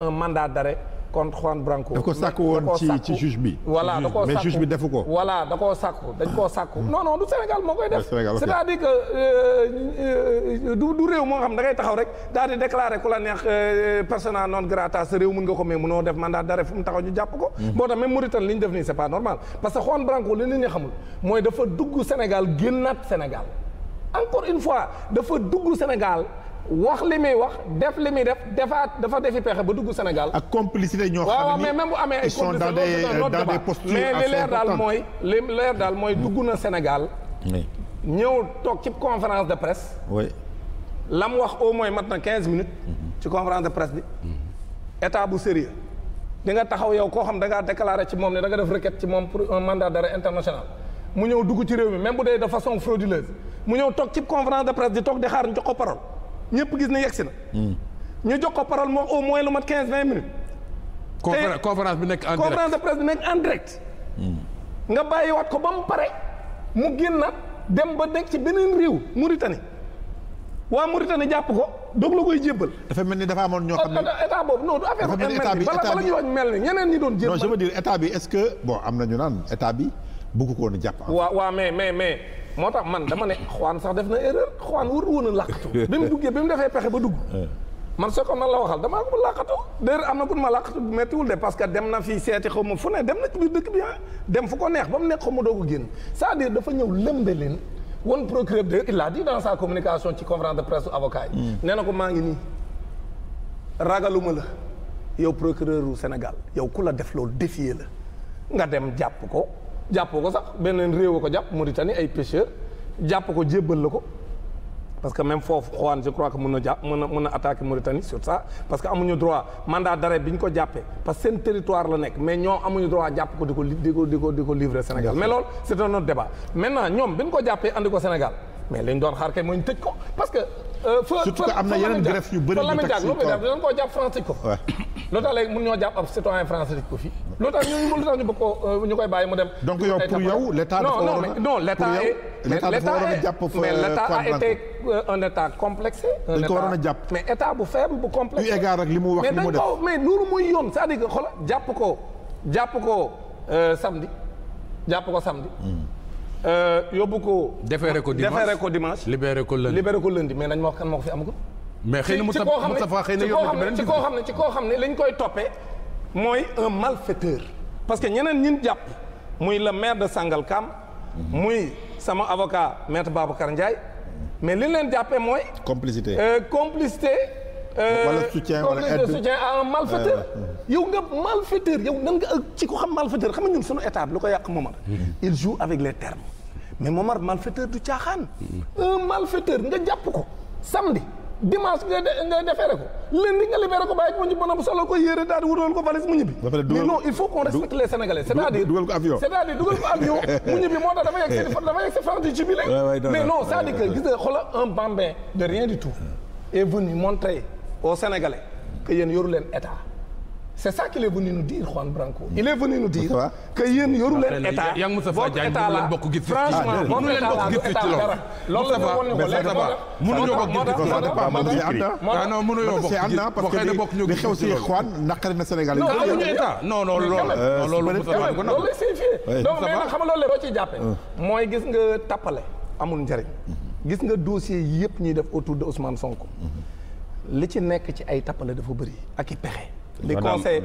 un mandat d'arrêt contre Juan Branco. da ko sàkku woon ci ci juge bi. voilà da koo sàkku bi defu ko. voilà koo sàkku dañ ko sàkku. non non du Sénégal moo koy def. c'est-à-dire euh, euh, du du réew moo xam da ngay taxaw rek daal di déclarer ku la neex euh, persona non grata sa réew mën nga ko mais mënoo def mandat d'arrêt fu mu taxaw ñu jàpp ko. Mm-hmm. moo tax même Mauritanie li ñu def nii c'est pas normal parce que Juan Branco li nit ñi xamul mooy dafa dugg Sénégal génnaat Sénégal encore une fois dafa dugg Sénégal. wax li muy wax def li muy def defaat dafa defi pexe ba dugg Sénégal. ak complicité ñoo xam ne mais même bu amee ay complicité mais li leer daal mooy li leer daal mooy mm. dugg na Sénégal. ñëw toog ci conférence de presse. oui la mu wax au moins mat na minute mm-hmm. ci conférence de presse bi. Mm-hmm. état bu sérieux di nga taxaw yow koo xam da ngaa déclaré ci moom ne da nga def requête ci moom pour un mandat d'arrêt international. mu ñëw dugg ci réew mi même bu dee de façon frauduleuse mu ñëw toog ci conférence de presse di toog di xaar ñu jox ko ñépp gis na yegsi na. Hmm. ñu jox ko parole moo au moins lu mat quinze vingt minutes. conférence conférence bi nekk en direct conférence bi nekk en direct. Hmm. nga bàyyiwaat ko ba mu pare mu génnaat dem ba nekk ci beneen réew Mauritanie waa Mauritanie jàpp ko doog la koy jébbal. dafa mel ni dafa amoon ñoo xam ne état boobu non du affaire mel ni bala bala ñuy wax mel ni ñeneen ñi doon jébbal. non je bi est-ce que bon am na ñu naan état bi bëgg ko mais mais mais. moo tax man dama ne xwaan sax def na erreur xwaan wër woon a làqatu bi mu duggee bi mu defee pexe ba dugg man soo ko man la waxal damaa ko ma làqatu d'ailleurs am na gun ma làqatu bu méttiwul de parce que dem na fii seeti xaw ma fu ne dem na ci dëkk bi ah. dem fu ko neex ba mu nekk xaw ma doog a génn cest à dafa ñëw lëmbe leen woon procureur de il l'a dit dans sa communication ci conférence de presse avocat yi mm. nee na ko maa ngi nii ragaluma la yow procureur u Sénégal yow ku def loolu défier la nga dem jàpp ko jàppoo ko sax beneen réew ko jàpp Mauritanie ay pêcheur jàpp ko jébbal la ko parce que même foofu xawaan je crois que mën na jàpp mën na mën na attaquer Mauritanie sur ça parce que amuñu droit mandat d'arrêt bi ñu ko jàppee parce que seen territoire la nekk mais ñoom amuñu droit jàpp ko di ko di Sénégal mais loolu c'est un autre débat ñoom bi ko jàppee andi ko Sénégal mais doon xaar kay mooy ñu tëj ko parce que. Euh, surtout que am na yeneen greffe yu bëri yu tax si loo léegi mën ñoo jàpp ab citoyen ko fi loo tax ñu lu tax euh, ñu koy bàyyi mu dem donc yow pour yow l'état dafa waroon a non a jàpp euh, euh, complexe a jàpp mais état bu faible bu complexe eu égard ak li mu wax li mu def mais loolu mooy yoon cest à jàpp ko jàpp ko samedi jàpp ko samedi hmm. yóbbu ko déféré ko dimanche libéré ko lundi libéré ko lundi mais nañ ma wax kan moo ko fi amagul mais xëy na Moustapha xëy na ci koo xam ne ci koo xam ne lañ koy toppee mooy un malfaiteur parce que ñeneen ñin jàpp muy le maire de Sangalkam muy sama avocat maître Babacar Ndiaye mais li leen jàppee mooy complicité euh, complicité euh, wala soutien wala aide de soutien à un malfaiteur euh, yow nga malfaiteur yow nan nga ci ko xam malfaiteur xam nga ñun suñu état bi lu ko yàq Momar mm-hmm. il joue avec les termes mais Momar malfaiteur du caaxaan mm-hmm. un malfaiteur nga jàpp ko samedi dimanche nga nga defeere ko lundi nga ko bàyyi ko mu ñu bonam solo ko yére daal di wutal ko valise mu ñibbi mais non il faut qu'on respecte les c'est-à-dire dugal ko avion c'est-à-dire dugal ko avion mu ñibbi moo tax dafa yegg si dafa di jubilé mais non c'est-à-dire que gis nga xoolal un bambin de rien du tout est venu montrer aux Sénégalais que yéen yoru leen état c'est ça qu'il est venu nous dire Juan Branco. il est venu nous dire. que yéen yoru leen état. yaa ngi Moustapha Diagne bu leen bokk gis. franchement mënu leen bokk gis ci loolu. mënuñoo bokk ñu xew si Juan naqari na Sénégal non non loolu. loolu signifié donc mais nag xam nga loolu la ci jàppe mooy gis nga tappale amul njariñ. gis nga dossier yëpp ñuy def autour de Ousmane Sonko. Mm-hmm. li ci nekk ci ay tappale dafa bëri ak i pexe les conseils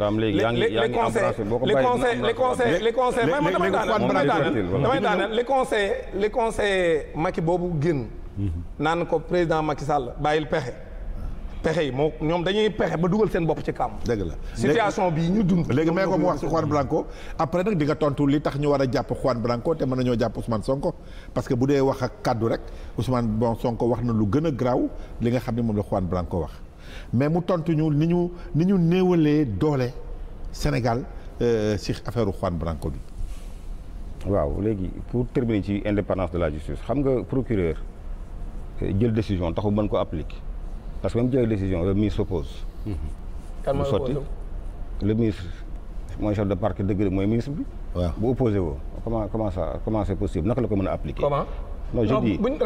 les conseils les conseils les conseils les conseils même damay daaneel damay daaneel les conseils les conseils Macky boobu génn mhm. naan ko président Macky Sall bàyyil pexe pexe yi moo ñoom dañuy pexe ba dugal seen bopp ci kàmm dëgg la bi ñu dund léegi may ko mu wax ci Juan Branco après nag di nga tontu li tax ñu war a jàpp Juan Branco te mën nañoo jàpp Ousmane Sonko parce que bu dee wax ak kàddu rek Ousmane bon Sonko wax na lu gën a garaaw li nga xam ne moom la Juan Branco wax mais mu tontu ñu ni ñu ni ñu néewalee doole Sénégal si euh, affaire Juan Branco bi. waaw léegi pour terminer ci indépendance de la justice xam nga procureur euh, jël décision taxu mën ko appliquer parce que même jël décision remise s'oppose. Mm-hmm. kan mooy sotti le ministre mooy chef de parquet dëgg mooy ministre bi. waaw bu opposé woo. comment comment ça comment possible naka la ko mën a appliquer. ma yegg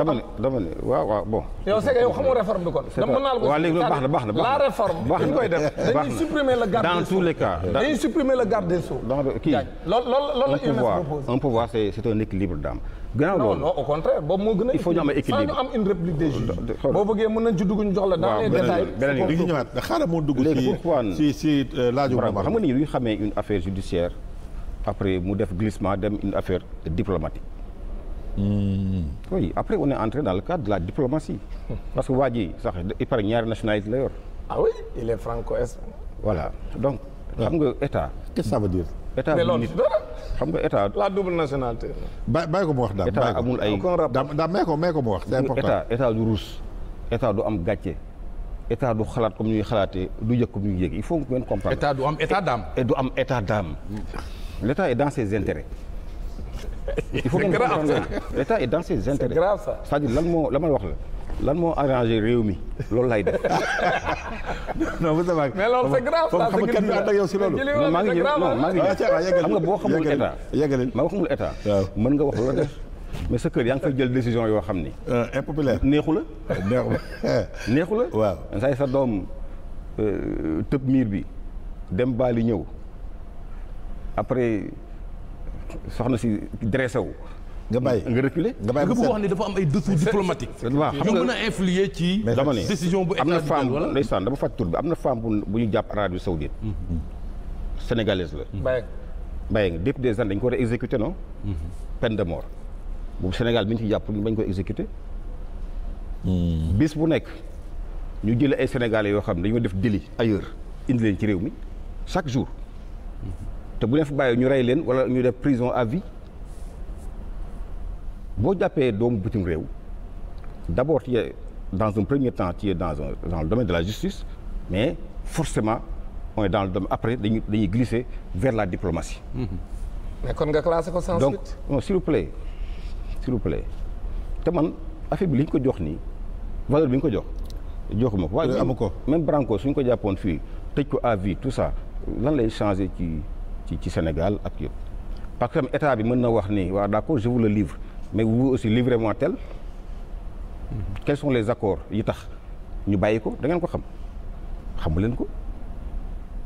dama ne dama ne waaw waaw bon. yow c'est que yow xamoo réforme bi kon. dama naal ko waaw léegi loolu baax na baax na la réforme. baax na koy def euh, dañuy supprimer le garde des sceaux dans tous les cas. dañuy supprimer boobu moo gën a. il faut ñu am équilibre sans ñu ci dugg ñu jox la dans les détails. Euh, mu def glissement dem une affaire diplomatique Mmh. oui après on est entré dans le la diplomatie. parce que waa ji sax il paraît ñaari nationalité la yor. ah il est franco-espagnol. voilà donc. Ah. xam nga état. qu'est-ce que ça veut nit xam nga état. la double nationalité. ba bàyyi ko mu wax daal état amul ay daal mee ko ko mu wax. c'est important état état du ruus. état du am gàcce. état du xalaat comme ñuy xalaatee du yëg comme ñuy yëg il faut ngeen comprendre. état du am état d'âme. et du am état d'âme. l'état est dans ses intérêts. il faut que l'état est sa ses intérêts. lan moo la may wax la. lan moo arrangé réew mi loolu lay def. non vous savez. mais loolu xam nga si loolu. Ah, xam nga boo xamul état. yeggali ma xamul état. waaw mën nga wax loo def. mais sa kër yaa ngi fay jël décision yoo xam ni. Euh, impopulaire neexu la. neexu la neexu la. waaw say sa doom euh, tëb miir bi dem baali ñëw après. soxna si dressé wu. nga bàyyi nga reculer nga bàyyi nga wax ne dafa am ay dessous diplomatique. waaw xam nga mën a influer ci. dama ne décision bu am na femme bu ndeysaan dama fàttali tur bi am na femme bu bu ñu jàpp Arabie Saoudite. Mm-hmm. sénégalaise la. Mbaye mm-hmm. Mbaye nga depuis des années dañ ko war a exécuter non. Mm-hmm. peine boobu Sénégal bi ñu ci jàpp bañ ko exécuter. Mm. bis bu nekk ñu jële ay sénégalais yoo xam ne dañoo def délit ailleurs indi leen ci réew mi chaque jour. te bu leen fi bàyyi ñu rey leen wala ñu def prison à vie boo jàppee doomu bitim réew d' abord tu es dans un premier temps tu es dans un dans domaine de la justice mais forcément on est dans le domaine après dañuy dañuy glisser vers la diplomatie. Mm mais kon nga classé ko sans suite. donc non s'il vous plaît s'il vous te man affaire bi li ñu ko jox nii valeur bi ñu ko jox joxuma ko. waaye euh, amu ko même Branco suñ ko jàppoon fii tëj ko à vie tout ça lan lay changé ci. ci ci Sénégal ak yëpp parce que état bi mën na wax ni waa d'accord je vous le livre mais vous aussi livrez-moi tel quels les accords yi tax ñu bàyyi ko dangeen ko xam xamu leen ko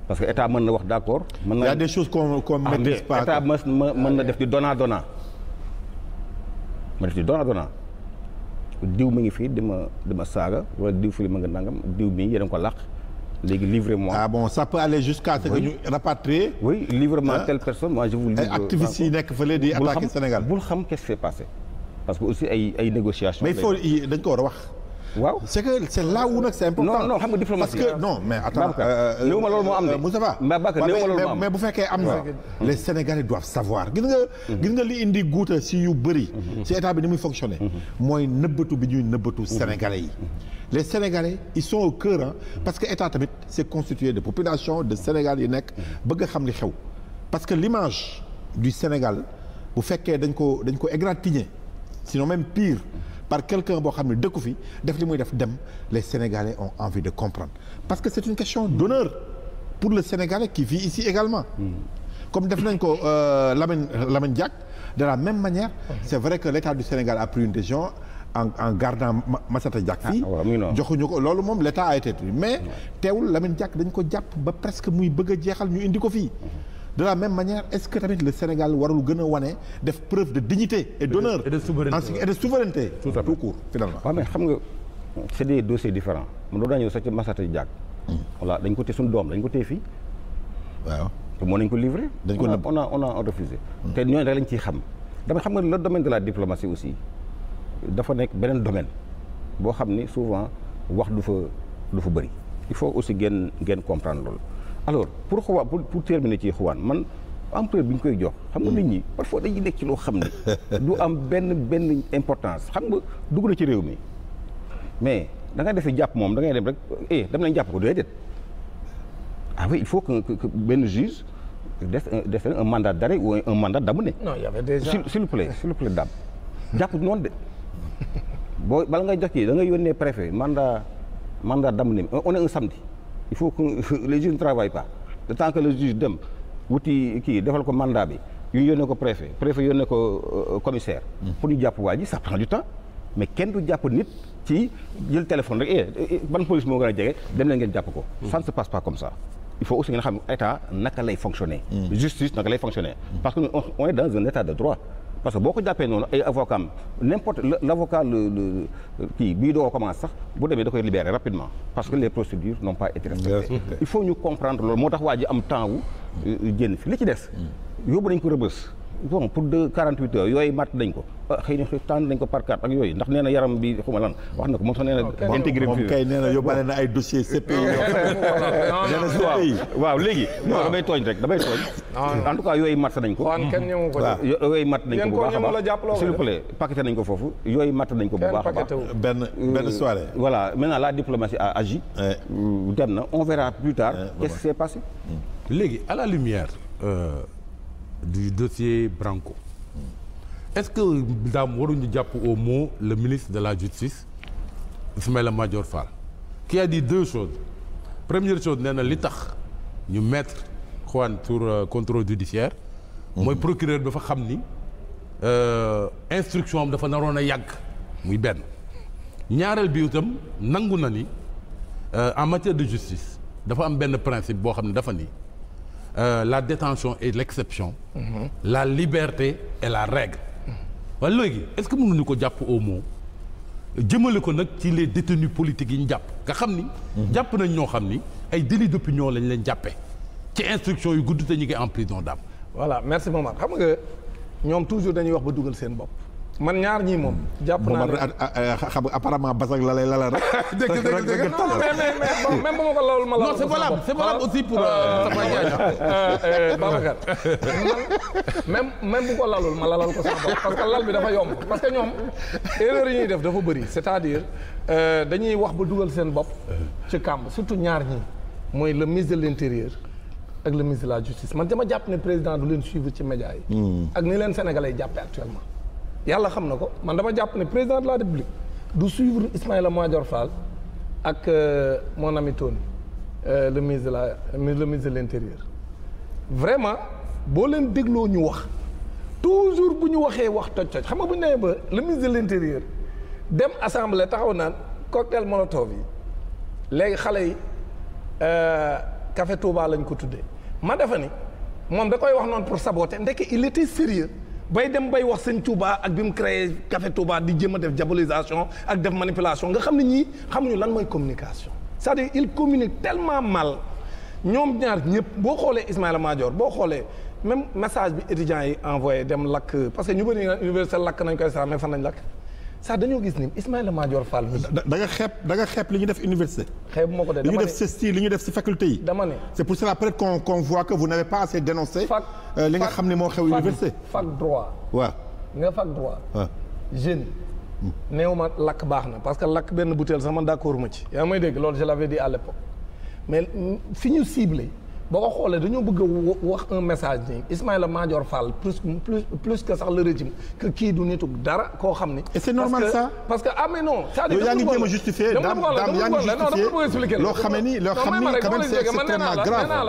parce que état mën na wax d'accord. mën na a des choses qu'on qu'on ah, mën na def di donnant donaa ma def di donnant donnant diw mi ngi fii di ma di ma saaga wala diw fii ma nga nangam diw mi yéen ko làq. léegi livrez-moi. Ah bon ça peut aller jusqu'à ce que ñu rapatrier. personne moi je vous livre. ay activistes euh, yi nekk fële di attaquer Sénégal bul xam qu'est-ce qui s'est parce que aussi ay ay négociations. mais ko a waaw c'est que c'est là où nag c'est important. non non xam parce que non mais. attends euh, euh, néew ma mais bu fekkee am na. le Sénégalais doivent savoir gis nga. Mhm. gis nga li indi guuta si yu bëri. Mhm. si état bi ni muy fonctionner. Mhm. mooy nëbbatu bi ñuy nëbbatu Sénégalais yi. les sénégalais ils sont au cœur parce que état tamit c'est constitué de population de Sénégal yu nekk bëgg a xam li xew parce que l'image du Sénégal bu fekkee dañ ko dañ ko égratigné sinon même pire par quelqu'un boo xam ne dëkku fi def li muy def dem les sénégalais ont envie de comprendre parce que c'est une question d'honneur pour le sénégalais qui vit ici également comme def nañ ko euh, Lamine Lamine Diack de la même manière c'est vrai que l'état du Sénégal a pris une décision en en gardant Massata Diack ah, fii joxuñu ko loolu moom l'état a été mais teewul Lamine Diack dañ ko jàpp ba presque muy bëgg a jeexal ñu indi ko fii de la même manière est-ce que tamit le Sénégal warul gën a wane def preuve de dignité et d'honneur et de souveraineté et de souveraineté tout à fait xam nga c'est des dossiers différents man doon naa sax ci Massata Diack mm. voilà dañ ko téye suñu doom dañ ko téye fii waaw te moo nañ ko livré dañ ko on a mm. te ñooñu rek lañ ciy xam dama xam nga le domaine de dafa nekk beneen domaine boo xam ni souvent wax du fa du fa bëri il faut aussi ngeen ngeen comprendre loolu alors pour xuwaan pour pour terminer ci xuwaan man ampleur bi ñu koy jox xam nga hmm. nit ñi parfois dañuy nekk ci loo xam ne du am benn benn importance xam nga dugg na ci réew mi mais da defe jàpp moom da ngay dem rek eh dem jàpp ko déedéet ah oui il faut que benn juge def def un mandat d'arrêt ou un mandat d'amener. non il y avait déjà s'il vous plaît s'il vous jàpp noonu de. boo bala ngay jox kii da ngay yónnee préfet mandat mandat d'amener on est un samedi faut que les juges ne pa pas le temps dem wuti kii defal ko mandat bi yu yónnee ko préfet préfet yónnee ko euh, commissaire. Hmm. pour ñu jàpp waa ji ça prend du temps mais kenn du jàpp nit ci jël téléphone rek eh, eh, eh ban police moo gën a jege dem leen ngeen jàpp ko. Hmm. ça ne se passe pas comme ça. il faut aussi ngeen xam état naka lay fonctionner. Hmm. justice naka lay fonctionner. parce que on est dans un de droit. parce que boo ko jàppee noonu ay avocat am n'importe l'avocat le le kii bii doo commence sax bu demee da koy libérer rapidement parce que les procédures n'ont pas été respectées il faut ñu comprendre loolu moo tax waa am temps wu euh, génn fi li ci des mm. yóbbu nañ ko rëbës bon pour deux quarante huit heures yooyu mat nañ ko ah, xëy na tànn nañ ko par carte ak yooyu ndax nee na yaram bi xuma lan wax na ko moom sax nee na intégré moom kay nee na yóbbaale na tooñ rek damay tooñ en tout cas yooyu mat nañ a baax s'il vous foofu yooyu mat a baax benn benn euh, soirée voilà maintenant la diplomatie a euh, na on verra plus tard qu'est-ce qui s'est mm. léegi à la lumière euh, du dossier Branco est-ce que daam waruñu jàpp au mot le ministre de la justice Ismaïla Madior Fall qui a dit deux choses première chose nee na li tax ñu mettre Juan sur euh, contrôle judiciaire mooy procureur bi dafa xam ni euh, instruction am dafa naroon a yàgg muy benn ñaareel bi itam nangu na ni euh, en matière de justice dafa am benn principe boo xam ne dafa ni euh, la détention et l'exception mm la liberté et la règle waaye léegi est-ce que ñu ko jàpp au mot jëmale ko nag ci les détenus politiques yi ñu jàpp nga xam ni mhm. jàpp nañ ñoo xam ni ay délit d'opinion lañ leen jàppe ci instruction yu gudd te ñu ngi en prison d'âme voilà merci maman xam nga ñoom toujours dañuy wax ba dugal seen bopp man ñaar ñii moom. jàpp naa ne ah, ah, ah, xam apparemment basak la lay lala rek. dëgg dëgg dëgg non mais bu ma ko pour. Tafa euh, euh, man euh, même même bu ko lalul ma lalal ko sama parce que lal bi dafa yomb parce que ñoom erreur ñuy def dafa bëri c'est-à-dire dañuy wax ba dugal seen bopp. ci kàmb surtout ñaar ñii mooy le mise de l'intérieur. ak le ministre de la justice man dama jàpp ne président du leen suivre ci média yi. Hmm. ak ni leen sénégalais jàppee actuellement. yàlla xam na ko man dama jàpp ne président de la république du suivre Ismaïla Madior Fall ak euh, mon ami Tony euh, le ministre de la le ministre de l' vraiment boo leen dégloo ñu wax toujours bu ñu waxee wax toj toj xam nga bu ñu nee ba le ministre de l' intérieur dem assemblée taxaw naan cocktail molotov yi léegi xale yi euh, café Touba lañ ko tuddee ma defa ni moom da koy wax noonu pour saboter ndekk il était sérieux bay dem bay wax sëñ Touba ak bi mu créé Café Touba di jéem a def diabolisation ak def manipulation nga xam ne ñii xamuñu lan mooy communication cest à il communique tellement mal ñoom ñaar ñëpp boo xoolee Ismaïla Madior boo xoolee même message bi étudiants yi envoyé dem lakk parce que ñu bëri université lakk nañ ko mais fan nañ lakk sax dañoo gis ni Ismaïla Madior Fall. da nga xeeb da nga xeeb li ñu def université. xeeb moo ko de li ñu def CESTI li ñu def ci faculté dama ne c'est pour cela peut-être qu'on vous n'avez pas assez dénoncé. Euh, li nga xam ne moo xew université. fac droit. waaw nga fac droit. jeune. Hmm. néew ma lakk baax na parce que lakk benn butéel sax man d'accord ma ci. yaa may dégg loolu je l'avais dit à l'époque mais mm, fi ñu ciblé. boo ko xoolee dañoo bëgg wax un message nii Ismaïla Madior Fall plus plus que sax le régime que kii du nitu dara koo xam ni. et c'est normal ça parce que ah mais non. cest a loo xam ni loo xam ni quand même c'est la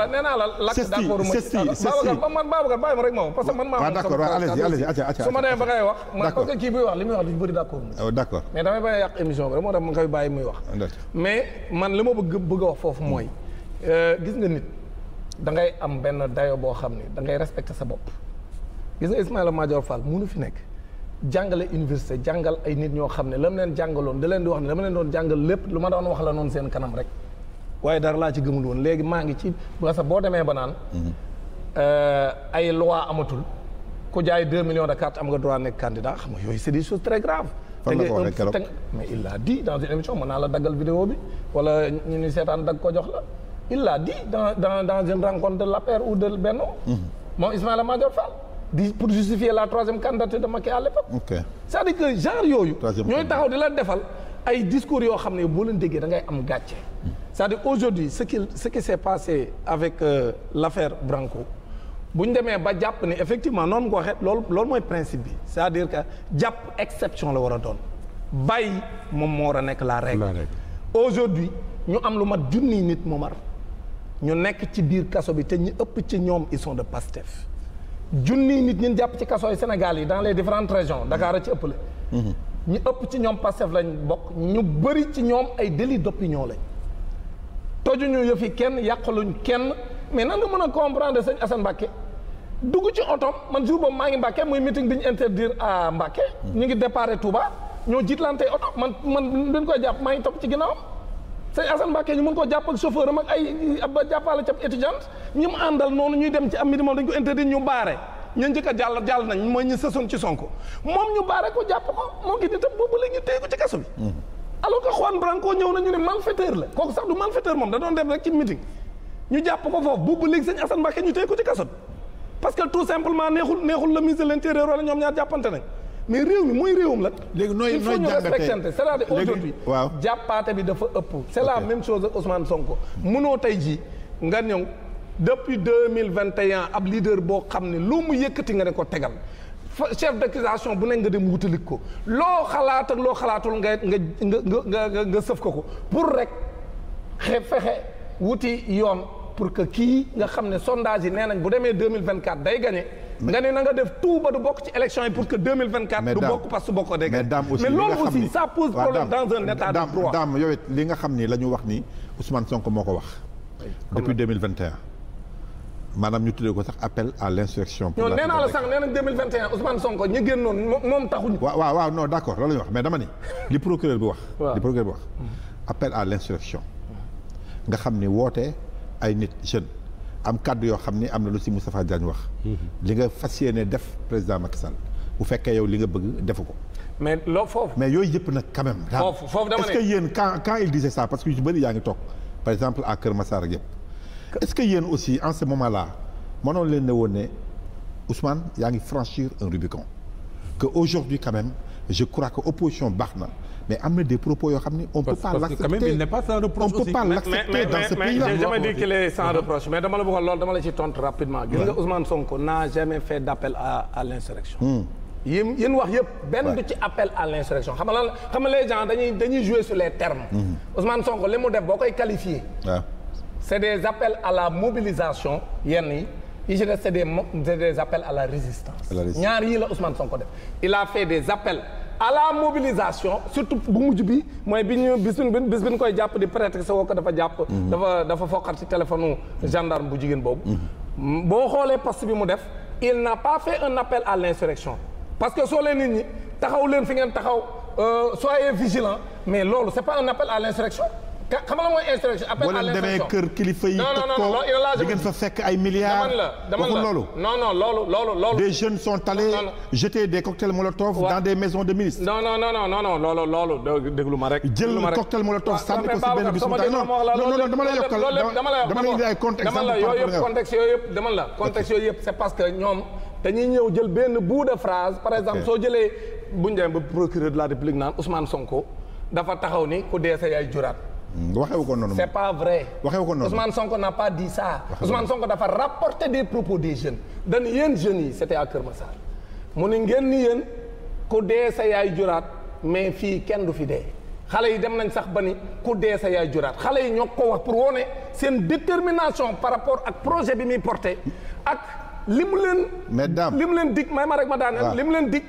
nee naa la lakk d'accord ma ci Babacar man Babacar bàyyi rek ma parce que man maa. waaw ah, d'accord waaw y allez-y su ma demee ba wax. d'accord parce kii buy wax li muy wax du bëri d'accord. Oh, d'accord mais damay bàyyi yàq émission bi rek moo tax ma koy bàyyi muy wax. mais man li ma bëgg bëgg a wax foofu mooy euh, gis nga nit da ngay am benn dayo boo xam ne da ngay respecter sa bopp gis nga Ismaïla Madior Fall mënu fi nekk jàngale université jàngal ay nit ñoo xam ne la mu leen jàngaloon da leen di wax ne dama leen doon jàngal lépp lu ma doon wax la noonu seen kanam rek waaye dara laa ci gëmul léegi maa ngi ci parce que boo demee ba naan mm-hmm. ay loi amatul ku jaay deux millions de cartes am nga droit nekk candidat xam nga yooyu c'est des choses très graves mais il l'a dit dans une naa la daggal vidéo bi wala ñu ni seetaan dag ko jox la il l'a dit dans dans dans une rencontre de l'APR ou de Benno. Mhm. moom Ismaïla Madior Fall. di pour justifier la troisième candidature de Macky à l'époque. ok c'est-à-dire que genre yooyu. ñooy taxaw di la defal ay discours yoo xam ne boo leen déggee da ngay am gàcce. c'est-à-dire aujourd'hui ce qui ce qui s'est passé avec euh, l'affaire Branco bu ñu demee ba jàpp ni effectivement noonu ko waxee loolu loolu mooy principe bi c'est-à-dire que jàpp exception la war a doon bàyyi moom moo war a nekk la règle. la règle aujourd'hui ñu am lu mat junniy nit Momar. ñu nekk ci biir kaso bi te ñu ëpp ci ñoom ils sont de Pastef junni nit ñun jàpp ci kaso yi Sénégal yi dans les différentes régions Dakar a ci ëpp la ñu ëpp ci ñoom Pastef lañ bokk ñu bëri ci ñoom ay délit d'opinion lañ tojuñu yëfi kenn yàqaluñ kenn mais nan nga mën a comprendre sëñ Assane Mbacké dugg ci otom man jour boobu maa ngi Mbacké muy meeting bi ñu interdire à Mbacké mm-hmm. ñu ngi déparé Touba ñoo jiitlante oto man man duñ koy jàpp maa ngi topp ci ginnaawam sëñ Assane Mbacké ñu mën koo jàpp ak chauffeur am ak ay ba jàppale ca étudiante ñi àndal noonu ñuy dem ci am midi moom dañ ko interdit ñu baare a jàll jàll nañ mooy ñu sësoon ci Sonko moom ñu baare ko ko ko ci kaso bi mm-hmm. alors que Juan Branco ñëw nañu ne malfaiteur la kooku sax du malfaiteur moom da dem rek ci meeting ñu jàpp ko foofu boobu léegi sëñ Assane Mbacké ñu téye ko ci kaso bi parce que tout simplement neexul neexul le ministre de l'intérieur wala ñoom ñaar jàppante nañ mais réew mi muy réewum la. léegi nooy nooy jàngatee il faut ñu respecté cest waaw jàppaate bi dafa ëpp. c'est la même chose ak Ousmane Sonko. mënoo tey jii nga ñëw depuis deux mille vingt et un ab leader boo xam ne lu mu yëkkati nga ne ko tegal. chef d'accusation bu nekk nga dem wutalik ko loo xalaat ak loo xalaatul nga nga nga nga nga sëf ko ko pour rek xe fexe wuti yoon. pour que kii nga xam ne sondage yi nee nañ bu demee deux mille vingt quatre day gagné. nga ne na nga def tout ba du bokk ci élection yi pour que deux du bokk parce que bokkoo day gagné. mais daam xam ni la ñu wax ni Ousmane Sonko moo ko wax. depuis deux maanaam ñu tuddee ko sax appel à l'insurrection pour la nee naa la sax waaw waaw waaw non d'accord loolu la ñu wax mais dama ni li procureur bi wax. li procureur bi mm-hmm. nga xam ni woote ay nit jeune am kàddu yoo xam ni am na lu si Moustapha Diagne wax. Mhm. li nga fas yéene def président Macky Sall bu fekkee yow li nga bëgg defu ko. mais loo foofu. mais yooyu yëpp nag quand même. foofu foofu est-ce que yéen quand quand il disait ça parce que yu bëri yaa ngi toog par exemple à Kër Massar ak yëpp. est-ce que yéen aussi en ce moment là mënoon leen ne woon ne Ousmane yaa ngi franchir un Rubicon que aujourd'hui quand je crois que opposition baax na. mais am na des propos yoo xam ne on peut pas l'accepter. parce que quand même il n'est pas sans reproche on peut pas l'accepter dans ce ci tontu rapidement. gis nga Ousmane Sonko n'a jamais fait d'appel à à l'insurrection. yéen hmm. yéen wax yëpp benn du ci appel à l'insurrection xam nga lan xam nga les gens dañuy dañuy jouer sur les termes. Hmm. Ousmane Sonko li mu def boo koy qualifier. waaw des appels à la mobilisation yenn yi. yi ci des c'est des appels à la résistance. ñaar yii la Ousmane Sonko def il fait des appels. à la mobilisation surtout bu mujj bi mooy bi ñu bis bi bis bi ñu koy jàpp di prétexte woo ko dafa jàpp. Mhm. dafa dafa foqar ci téléphone gendarme bu jigéen boobu. Mhm. boo xoolee poste bi mu def il n'a pas fait un appel à l'insurrection parce que soo leen nit ñi taxaw leen fi ngeen taxaw euh, soyez vigilants mais loolu c'est pas un appel à l'insurrection xam nga mooy instruction appel à l'instruction boo leen demee kër kilifa yi. non non non di ngeen fa fekk ay milliards. dama la loolu. non non loolu loolu loolu. des jeunes sont allés jeter des cocktails molotov. dans des maisons de ministres. non non non non non loolu loolu déglu ma rek. jël cocktail molotov sànni ko si benn bis mu non non non dama la yokkal dama la indi ay contexte. dama la yooyu yëpp contexte yooyu yëpp dama la contexte yooyu yëpp c'est parce que ñoom dañuy ñëw jël benn bout de phrase par exemple soo jëlee bu ñu demee ba procureur de la république naan Ousmane Sonko dafa taxaw ni ku dee sa yaay juraat Mm, waxewu ko noonu. c'est pas vrai. waxewu ko noonu Ousmane Sonko n'a pas dit ça. Ousmane Sonko dafa rapporter des propos des jeunes. dañu yéen jeune yi c'était à Kër Massar mu ne ngeen ni yéen ku dee sa yaay juraat mais fii kenn du fi dee xale yi dem nañ sax ba ni ku dee sa yaay juraat xale yi ñoo ko wax pour woone seen détermination par rapport ak projet bi muy porté ak li mu leen. mais daam li mu leen dig may ma rek ma daaneel li mu leen dig.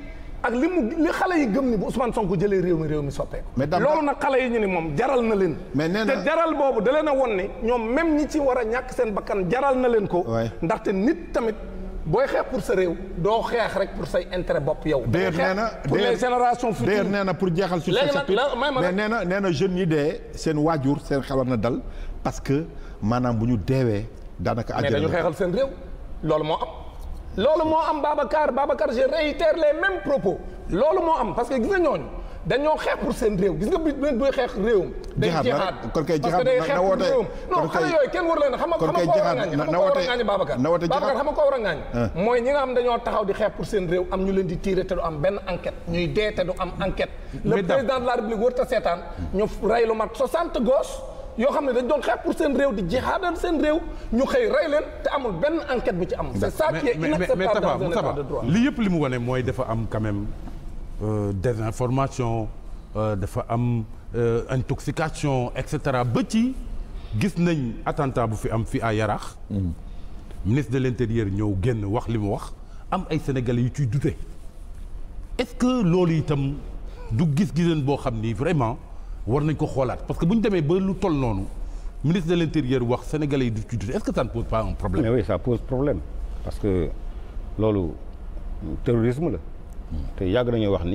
ak li mu li xale yi gëm ni bu Ousmane Sonko jëlee réew mi réew mi soppeeku. mais loolu na xale yi ñu ni moom jaral na leen. mais nee na te jaral boobu da leen a won ni ñoom même ñi ci war a ñàkk seen bakkan jaral na leen ko. ndaxte nit tamit. booy xeex pour sa réew doo xeex rek pour sa intérêt bopp yow. doo xeex pour les nee na pour jeexal sur ce chapitre mais nee na nee na jeunes yi dee seen waajur seen xelal na dal parce que maanaam bu ñu deewee daanaka. àjjana mais dañu xeexal seen réew loolu moo am. loolu moo am Babacar Babacar je réitère les mêmes propos loolu moo am parce que gis nga ñooñu dañoo xeex pour seen réew gis nga bu nit buy xeex réewam. day jihaad kon kay jihaad na woote non xale yooyu kenn war leen xam nga xam nga ko war a ŋaañu ko war a ŋaañu ah. mooy ñi nga xam dañoo taxaw di xeex pour seen réew am ñu leen di tiire te du am benn enquête ñuy dee te du am enquête le laa de la république seetaan ñu rey lu mat 60 gos yoo xam ne dañ doon xeex pour seen réew di jihaadal seen réew ñu xëy rey leen te amul benn enquête bu ci am. c'est ça qui est inacceptable dans un état de droit mais mais li yëpp li mu wane mooy dafa am quand même euh, désinformation euh, dafa am euh, intoxication et cetera ba ci gis nañ attentat bu fi am fii à Yarax. Mm. ministre de l'intérieur ñëw génn wax li mu wax am ay sénégalais yu ciy dute est-ce que loolu itam du gis-giseen boo xam ni vraiment. war nañ ko xoolaat parce que bu ñu demee ba lu toll noonu ministre de l' intérieur wax sénégalais yi du ci est ce que ça ne pose pas un problème. mais oui ça pose problème parce que loolu terrorisme la. Hmm. te yàgg nañu wax ni.